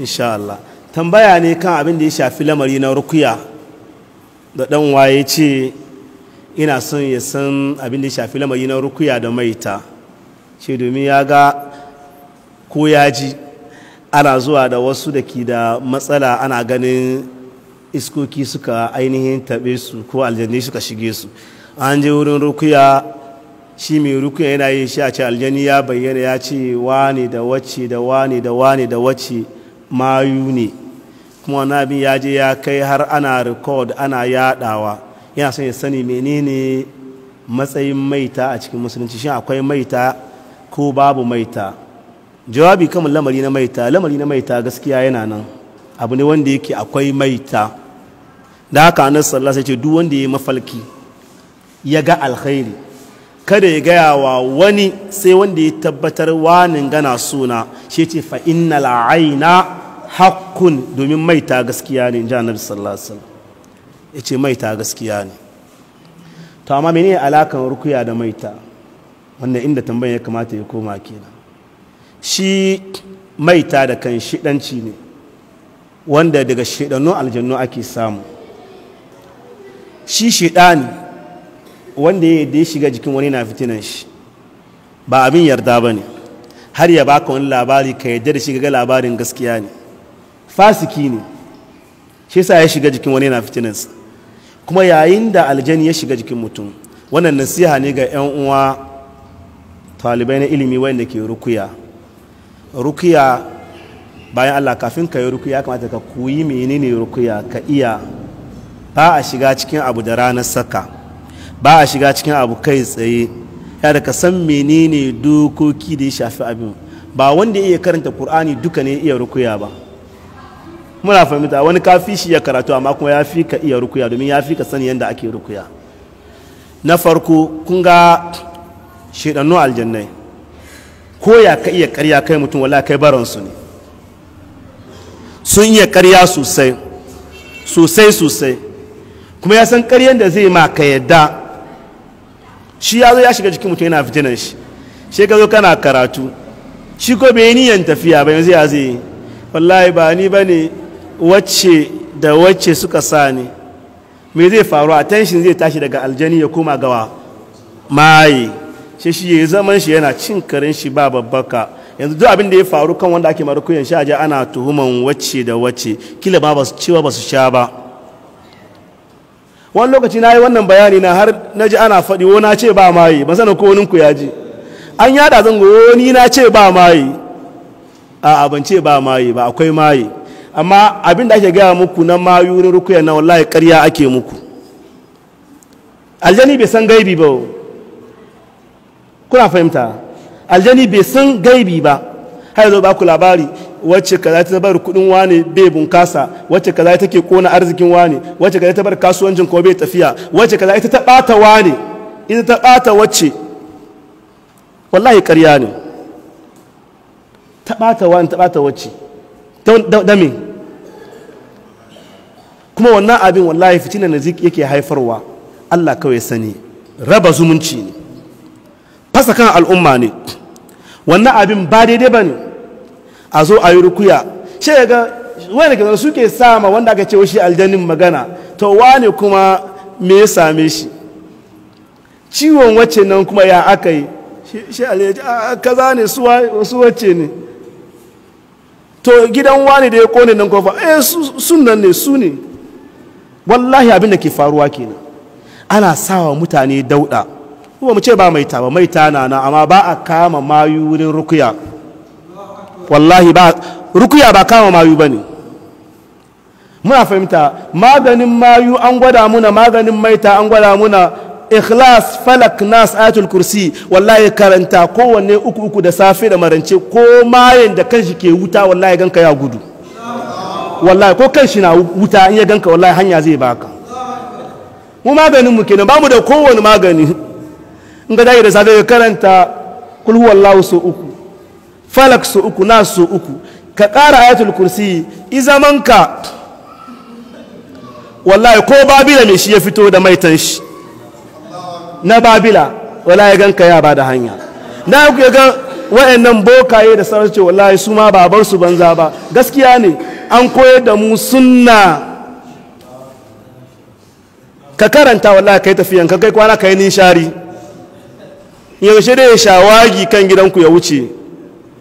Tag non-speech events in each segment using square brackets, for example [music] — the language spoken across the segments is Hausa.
insha Allah tambaya ne kan abin da ya shafi lamari na rukuya da dan waye ce ina son ya san abin da ya shafi lamari na rukuya da maita ce domin ya ga ko ya ji ana zuwa da wasu da ke da matsala ana ganin iskoki suka ainihin taɓe su ko aljanni suka shige su an je wurin rukuya shi mai rukuya yana yin shi a ce aljani ya bayyana ya ce wane da wace da wane da wane da wace mayu ne kuma wani abin ya je ya kai har ana rikod ana yadawa yana son ya sani menene matsayin maita a cikin musulunci shi akwai maita ko babu maita jawabi kamar lamari na maita lamari na maita gaskiya yana nan abu ne wanda yake akwai maita da haka annabi sallallahu ce duk wanda ya mafalki ya ga alkhairi kada ya gaya wa wani sai wanda ya tabbatar wanin gana suna shi ce fa inna la'aina hakkun domin mai ta gaskiya ne ji annabi sallallahu ya ce mai ta gaskiya ne to amma menene alakan rukuya da maita wannan inda tambayan ya kamata ya koma kenan shi maita da kan shidanci ne wanda daga shidannu aljannu ake samu shi shidani wanda ya da shiga jikin wani na fitinan shi ba abin yarda ba ne har ya baka wani labari ka yarda da shiga labarin gaskiya ne fasiki ne shi sa ya shiga jikin wani na fitinansa kuma yayin da aljani ya shiga jikin mutum wannan nasiha ne ga 'yan uwa talibai na ilimi wanda ke rukuya rukuya bayan allah kafin ka yi rukuya kamata ka koyi menene rukuya ka iya ba a shiga cikin abu da ranar saka ba a shiga cikin abu kai tsaye ya da ka san menene dokoki da ya shafi abin ba wanda iya karanta kur'ani duka ne iya rukuya ba muna fahimta wani ka shi ya karatu amma kuma ya fi ka iya rukuya domin ya fi ka sani yadda ake rukuya na farko kun ga shidannu aljannai ko ya ka iya karya kai mutum wala kai baransu ne sun iya karya sosai sosai sosai kuma ya san karyar da zai ma ka yadda shi ya zo ya shiga jikin mutum yana fitinan shi shi ka zo kana karatu shi ko bai niyan tafiya ba yanzu ya zai wallahi ba ni bane wacce da wacce suka sa ni me zai faru a tanshin zai tashi daga aljani ya koma gawa maye shi shi ya zaman shi yana cin karin shi ba babbaka yanzu duk abin da ya faru kan wanda ake marukuyan sha ana tuhuman wacce da wacce kila ba ba su cewa ba su sha ba wani lokaci na yi wannan bayani na har na ji ana faɗi wo na ce ba maye ba sanar ko wani ku ya ji an yada zan wo ni na ce ba maye a ban ce ba yi ba akwai mayi amma abin da ake gaya muku na mayu wurin rukuya na wallahi karya ake muku aljani bai san gaibi ba kuna fahimta aljani bai san gaibi ba har yanzu ba ku labari wacce kaza ta bar kudin wane bai bunkasa wacce kaza take kona arzikin wane wacce kaza ta bar kasuwancin ko bai tafiya wacce kaza ita ta bata wane ita ta bata wacce wallahi ƙarya ne ta bata wani ta bata wacce ta me kuma wannan abin wallahi fitina na zik yake haifarwa Allah kawai sani raba zumunci ne fasa kan al'umma ne wannan abin ba daidai ba ne a zo a yi rukuya shi ga wani ke suke sama wanda aka ce shi aljanin magana to wani kuma me ya same shi ciwon wacce nan kuma ya aka yi shi alhaji kaza ne su wacce ne to gidan wani da ya kone nan kofa eh sun nan ne su ne wallahi abin da ke faruwa kenan ana sawa mutane dauda kuma mu ce ba mai ba mai tana na amma ba a kama mayu wurin rukuya wallahi ba rukuya ba kama mayu ba ne muna fahimta maganin mayu an gwada muna maganin maita an gwada muna ikhlas falak nas ayatul kursi wallahi karanta kowanne uku uku da safe da marance ko mayan da kanshi ke wuta wallahi ganka ya gudu wallahi ko kanshi na wuta in ya ganka wallahi hanya zai baka mu maganin mu kenan bamu da kowane magani in ga dai da safe karanta kul huwallahu so uku falak su uku na su uku ka ƙara ayatul kursi izamanka wallahi ko babila mai shi ya fito da maitan shi na babila wallahi ganka ya ba da hanya na ku ga wa'annan bokaye da sauran ce wallahi su ma baban su banza ba gaskiya ne an koyar da mu sunna ka karanta wallahi kai tafiyan ka kai kwana kai nishari yaushe dai shawagi kan gidanku ya wuce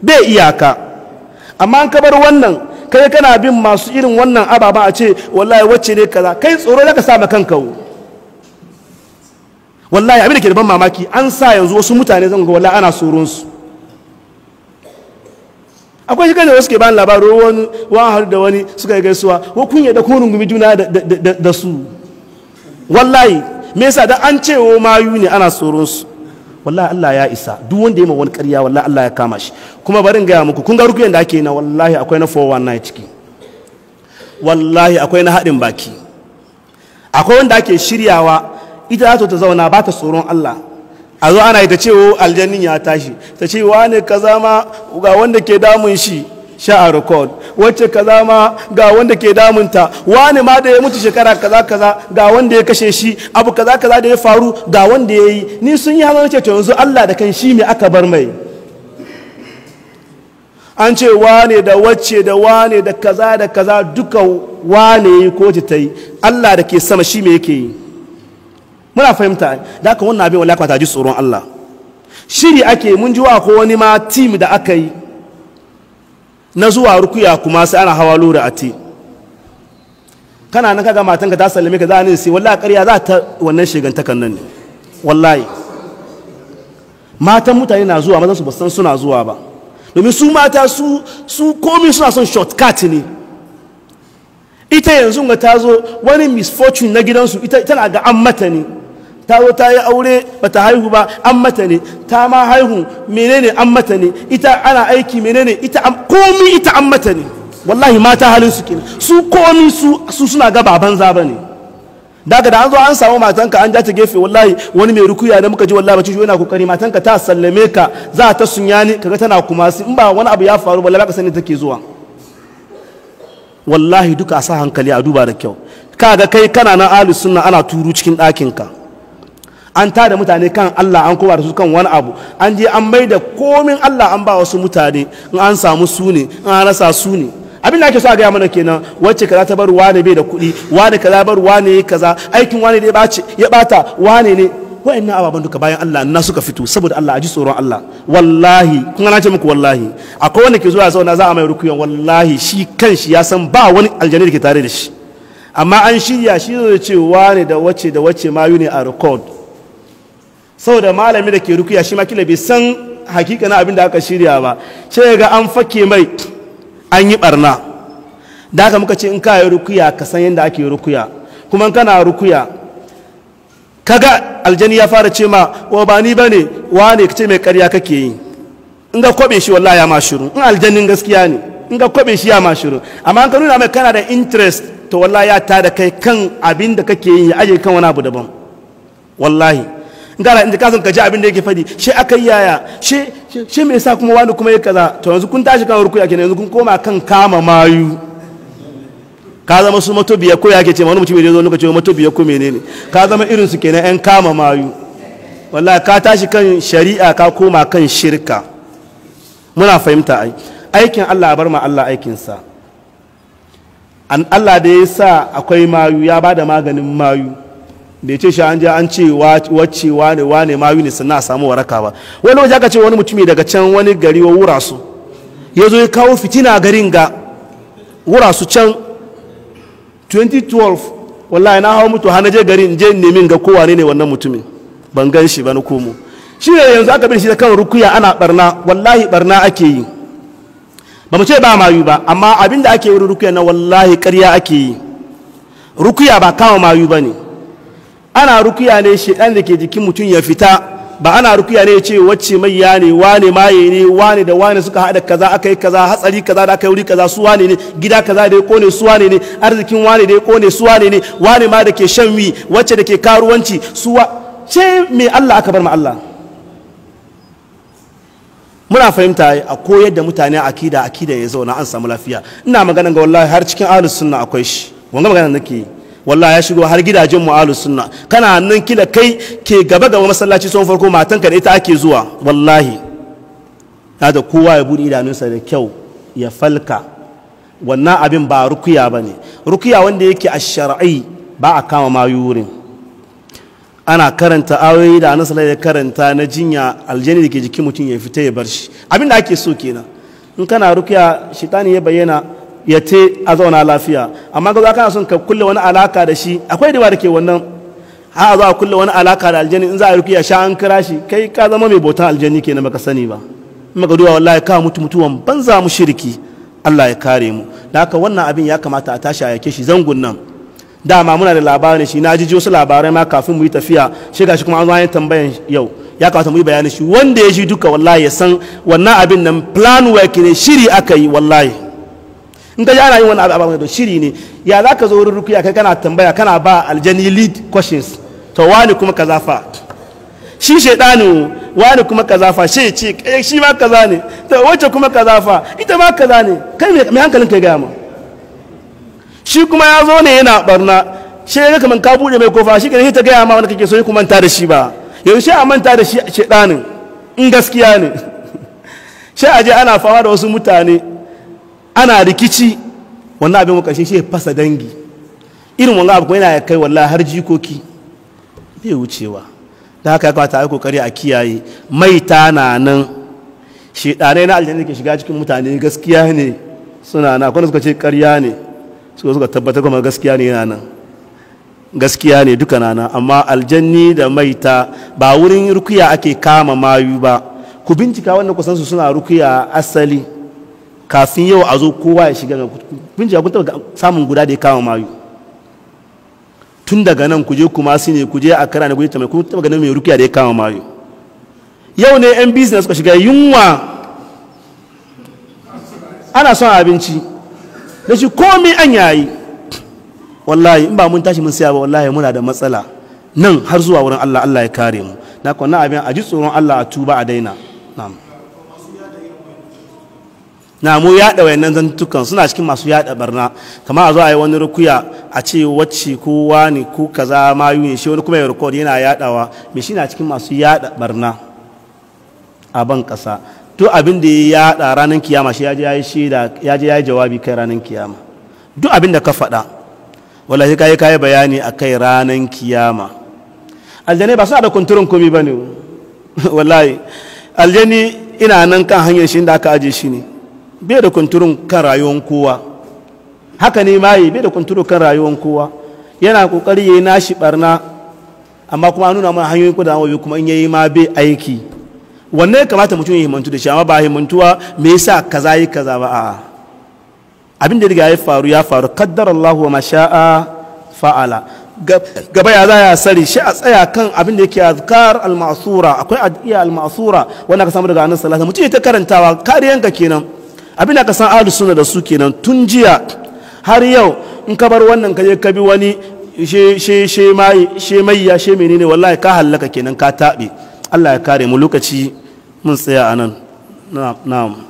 bai iyaka amma an kabar wannan kai kana bin masu irin wannan ababa a ce wallahi wacce ne kaza kai tsoro zaka sa kanka wallahi abin da ke da ban mamaki an sa yanzu wasu mutane zan ga wallahi ana tsoron su akwai shi kan da ke bani labarin wani wahar da wani suka yi gaisuwa ko kun yadda kun rungumi juna da su wallahi me yasa da an ce wo mayu ne ana tsoron su wallahi Allah ya isa duk wanda ya ma wani ƙarya wallahi Allah ya kama shi kuma barin gaya muku kun ga rukuyan da ake na wallahi akwai na 419 ciki wallahi akwai na haɗin baki akwai wanda ake shiryawa ita za ta zauna ba ta tsoron Allah a zo ana ita cewa oh, aljannin ya tashi ta ce ne kaza ma ga wanda ke damun shi sha'a record wacce kaza ma ga wanda ke damunta wani ma da ya mutu shekara kaza kaza ga wanda ya kashe shi abu kaza kaza da ya faru ga wanda ya yi ni sun yi hannun ce to yanzu Allah da kan shi mai aka bar mai an ce wane da wacce da wane da kaza da kaza duka wane yi ko ta yi Allah da ke sama shi mai yake yi muna fahimta da aka wannan abin wani akwata ji tsoron Allah shiri ake mun ji wa ko wani ma tim da aka yi na zuwa rukuya kuma sai ana hawa lura a te kana nan kaga matanka ta sallame ka za a ne sai wallahi ƙarya za ta wannan shigantakan nan ne wallahi matan mutane na zuwa mazan su ba san suna zuwa ba domin su mata su komi suna son shortcut ne ita yanzu ga ta zo wani misfortune na gidansu ita tana ga an mata ne ta zo ta yi aure bata haihu ba an mata ne ta ma haihu menene an mata ne ita ana aiki menene ita komi ita an mata ne wallahi mata halin su kenan su komi su su suna ga baban za bane daga da an zo an samu matanka an ja ta gefe wallahi wani mai rukuya da muka ji wallahi bace yana kokari matanka ta sallame ka za ta sunya ne kaga tana kuma in ba wani abu ya faru ba ka sani take zuwa wallahi duka a sa hankali a duba da kyau kaga kai kana nan ahlus sunna ana turu cikin ɗakin ka an tada mutane kan Allah an kowa da su kan wani abu an je an mai da komin Allah an ba wasu mutane in an samu su ne in an rasa su ne abin da ake so a gaya mana kenan wacce kaza ta bar wane bai da kuɗi wane kaza bar wane ya kaza aikin wane da ya bata wane ne wa'annan ababen duka bayan Allah na suka fito saboda Allah a ji tsoron Allah wallahi kun na ce muku wallahi akwai wanda ke zuwa zauna za a mai rukuyan wallahi shi kanshi ya san ba wani aljani da ke tare da shi amma an shirya shi zai ce wane da wacce da wacce mayu ne a record saboda malami da ke rukuya shi makila bai san hakikanin abin da aka shirya ba ce ga an fake mai an yi barna da aka muka ce in ka yi rukuya ka san yadda ake rukuya kuma in kana rukuya kaga aljani ya fara ce ma wa ba ni bane ne ce mai karya kake yi in ga kwabe shi wallahi ya ma in aljannin gaskiya ne in ga kwabe shi ya ma amma an ka nuna mai kana da interest to wallahi ya tada kai kan abin da kake yi ya aje kan wani abu daban wallahi gara inda kasan ka ji abin da yake fadi shi aka yi yaya shi me sa kuma wani kuma ya kaza to yanzu kun tashi kan rukuya kenan yanzu kun koma kan kama mayu ka zama su matobiya ko ya ke ce wani mutum ya zo lokacin matobiya ko menene ka zama irin su kenan yan kama mayu wallahi ka tashi kan shari'a ka koma kan shirka muna fahimta ai aikin Allah bar ma Allah sa an Allah da ya sa akwai mayu ya ba da maganin mayu ya ce shi an je an ce wacce wane wane ma yuni sannan na samu waraka ba wani waje aka ce wani mutumi daga can wani gari wa wura su ya zo ya kawo fitina garin ga wura su can 2012 wallahi na hau mutu hana je garin je nemin ga kowa ne wannan mutumin ban gan shi ba na komo shi ne yanzu aka bin shi da kan rukuya ana barna wallahi barna ake yi ba mu ce ba mayu ba amma abin da ake wurin rukuya na wallahi karya ake yi rukuya ba kama mayu ba ne ana rukiya ne shedan da ke jikin mutum ya fita ba ana rukiya ne ce wacce mai ya ne wane maye ne wane da wane suka haɗa kaza aka yi kaza hatsari kaza da aka yi wuri kaza su wane ne gida kaza da ya kone su wane ne arzikin wane da ya kone su wane ne wane ma da ke shan wi wacce da ke karuwanci su wa ce me Allah aka bar ma Allah muna fahimta a koyar da mutane akida akida ya zauna an samu lafiya ina magana ga wallahi har cikin ahlus sunna akwai shi wanga magana nake yi wallahi ya shigo har gidajen mu sunna kana nan kila kai ke gaba gaba masallaci sun farko matanka da ita ake zuwa wallahi da kowa ya buɗe idanunsa da kyau ya falka wannan abin ba rukuya ba ne rukuya wanda yake a shara'i ba a kama wurin. ana karanta ayoyi da anasala ya karanta na jinya aljani da ke jikin mutum ya fita ya bar shi abin da ake so kenan in kana rukuya shitani ya bayyana ya ce a zauna lafiya amma ga kana son ka kulle wani alaka da shi akwai ba da ke wannan ha zo a kulle wani alaka da aljani in za a yi ya sha an kira shi kai ka zama mai bautan aljani kenan maka sani ba in maka duwa wallahi ka mutu mutuwan banza mu shirki Allah ya kare mu da haka wannan abin ya kamata a tashi a yake shi zangun nan dama muna da labarin shi na ji wasu labarai ma kafin mu yi tafiya shi gashi kuma an zo an tambayan yau ya kamata mu yi bayanin shi wanda ya ji duka wallahi ya san wannan abin nan plan work ne shiri aka yi wallahi in ka ji ana yin wani abu abu shiri ne ya za ka zo wurin rukuya kai kana tambaya kana ba aljani lead questions to wani kuma ka zafa shi shaidani wani kuma ka zafa shi ce eh, shi ma kaza ne to wacce kuma ka zafa ita ma kaza ne kai mai hankalin kai gaya ma shi kuma ya zo ne yana barna shi ya kamar ka buɗe mai kofa shi ka ta gaya ma wani kake so kuma manta da shi ba yanzu shi a manta da shi shaidanin in gaskiya ne shi [laughs] a je ana fama da wasu mutane ana rikici wannan abin ƙarshe shi ya fasa dangi irin wannan abu yana ya kai wallahi har jikoki bai wucewa da haka ya kawata a kokari a kiyaye mai tana nan ɗanai na aljanna ke shiga cikin mutane gaskiya ne suna na kwanu suka ce karya ne suka suka tabbatar kuma gaskiya ne yana nan gaskiya ne duka nana amma aljanni da maita ba wurin rukiya ake kama mayu ba ku bincika wannan kusansu suna rukiya asali kafin yau a zo kowa ya shiga kun ji kun taba samun guda da ya kama mayu tun daga nan kuje kuma su ne kuje a kara ne kuje tamai kun taba ganin mai rukiya da ya kama mayu yau ne yan business suka shiga yunwa ana son abinci da shi komai an yayi wallahi in ba mun tashi mun siya ba wallahi muna da matsala nan har zuwa wurin Allah Allah ya kare mu na kwana abin a ji tsoron Allah a tuba a daina na'am na mu yaɗa wayannan zantukan suna cikin masu yaɗa barna kamar a zo a yi wani rukuya a ce wacce ko wani ko kaza mayu ne shi wani kuma ya rikod yana yaɗawa mai shi na cikin masu yaɗa barna a ban ƙasa duk abin da ya yaɗa ranar kiyama shi ya je ya yi jawabi kai ranar kiyama duk abin da ka faɗa wala yi ka yi bayani a kai ranar kiyama aljanai ba suna da kunturin komi ba ne [laughs] wallahi aljani ina nan kan hanyar shi da aka aje shi ne bai da kunturun kan rayuwar kowa haka ne maye bai da kunturun kan rayuwar kowa yana kokari yi nashi barna amma kuma an nuna mana hanyoyin ko da kuma in yayi ma bai aiki wannan kamata mutum ya himantu da shi amma ba a himantuwa me yasa kaza yi kaza ba a'a abin da riga ya faru ya faru kaddar Allah wa masha'a fa'ala gaba ya zaya sari shi a tsaya kan abin da yake azkar al-ma'sura akwai adiya al-ma'sura wanda ka samu daga annabi sallallahu alaihi wasallam mutum ya ta karantawa kariyanka kenan abin da ka san ahlus sunna da su kenan tun jiya har yau in ka bar wannan ka je ka bi wani she mai she mai ya wallahi ka hallaka kenan ka tabe Allah ya kare mu lokaci mun tsaya anan na'am